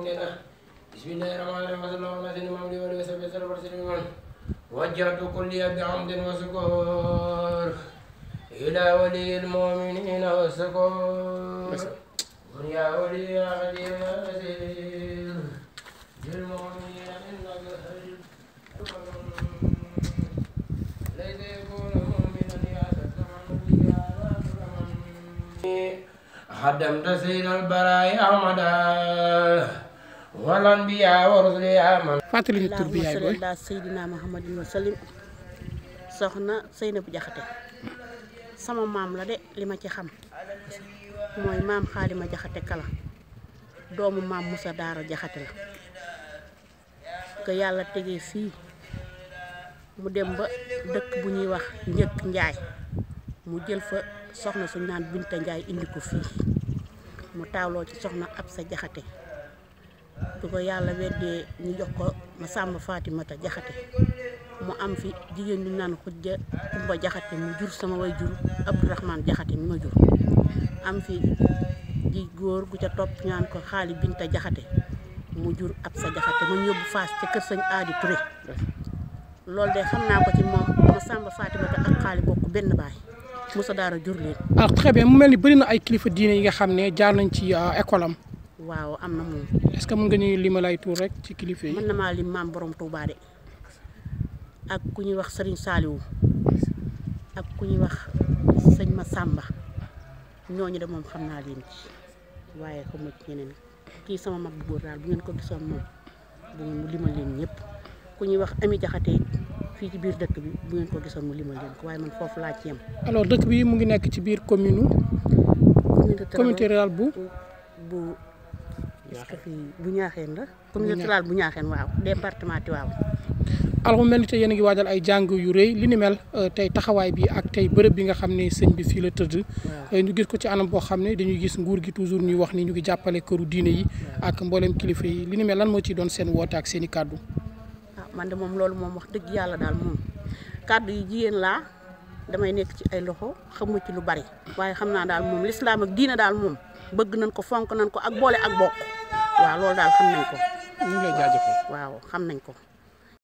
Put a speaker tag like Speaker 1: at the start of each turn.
Speaker 1: moom nee na bismillahi rahmaani rahim wasallama ala sayyidina muhammadin wa alihi wa sahbihi sallam tasliman wajjahtu kulliya bi hamdin wa sukur ila waliyil muminina wa sukur kun ya waliya halim ya aziz lil muminina innaka laysa yakunu muminan yasaka manbiya wa hadamta sayyidal baraya ahmada wala anbiya wa rusuli aman
Speaker 2: fàttali ñu tur bi yaay booy la Seydina Muhammadin wa salim soxna sama maam la de li ma ci xam mooy maam Xaalima Jaxate Kala doomu maam Musa Daara Jaxate la ko yàlla tegee fii mu dem ba dëkk bu ñuy wax njëkk njaay mu jël fa soxna suñ naan Binta Njaay indi ko fii mu taawloo ci soxna Absa Jaxate du ko yàlla weddee ñu jox ko ma sàmm Fatimata Jaxate mu am fi jigéen ñu naan xujja Kumba Jaxate mu jur sama way jur Abdourahman Jaxate ma jur fi ji góor ca topp ñaan ko xaali Binta Jaxate mu jur ab sa Jaxate ma yóbbu Faas ca kër sëñ Aadi Touré loolu de xam naa ko ci moom ma sàmm ak xaali bokk benn baay Moussa Daara jur leen.
Speaker 3: alors ah, très bien mel ni bëri na ay kilifa diine yi nga xam ne jaar nañ ci euh, école am.
Speaker 2: waaw am na moom. est-ce que mën nga ñuy limal ay rek ci kilifa yi. mën na maa lim maam borom Touba de ak ku ñuy wax Serigne Saliou ak ku ñuy wax sëñ ma Massamba ñooñu de moom xam naa leen ci waaye xam nga ñeneen kii sama mag bu bu ngeen ko gisoon moom bu ngeen mu ñëpp ku ñuy wax Ami fii ci biir dëkk bi bu ko gisoon mu limal leen ko waaye man foofu laa ci yem. alors dëkk
Speaker 3: bi mu ngi nekk ci biir commune. communauté rurale bu
Speaker 2: bu. parce que fii bu ñaaxeen la. communauté rurale bu ñaaxeen waaw département Tivaouane.
Speaker 3: alors mel ni tey yéen a ngi waajal ay jàng yu rëy li euh, tey taxawaay bi ak tey bërëb bi nga xam ne sëñ bi fii la tëdd. Euh, ñu gis ko ci anam boo xam ne dañuy gis nguur gi toujours ñuy wax ni ñu ngi jàppale këru diine yi. ak mboolem kilifa yi li ni lan moo ciy doon seen woote ak seeni i kàddu.
Speaker 2: Ah, man de moom loolu moom wax dëgg yàlla daal moom kàddu yi jigéen laa damay nekk ci ay loxo xamu ci lu bari. waaye xam naa daal moom lislaam ak diine daal moom bëgg nañ ko fonk nañ ko ak boole ak bokk. waaw loolu daal xam nañ ko. ñu ngi lay jaajëfal waaw xam nañ ko.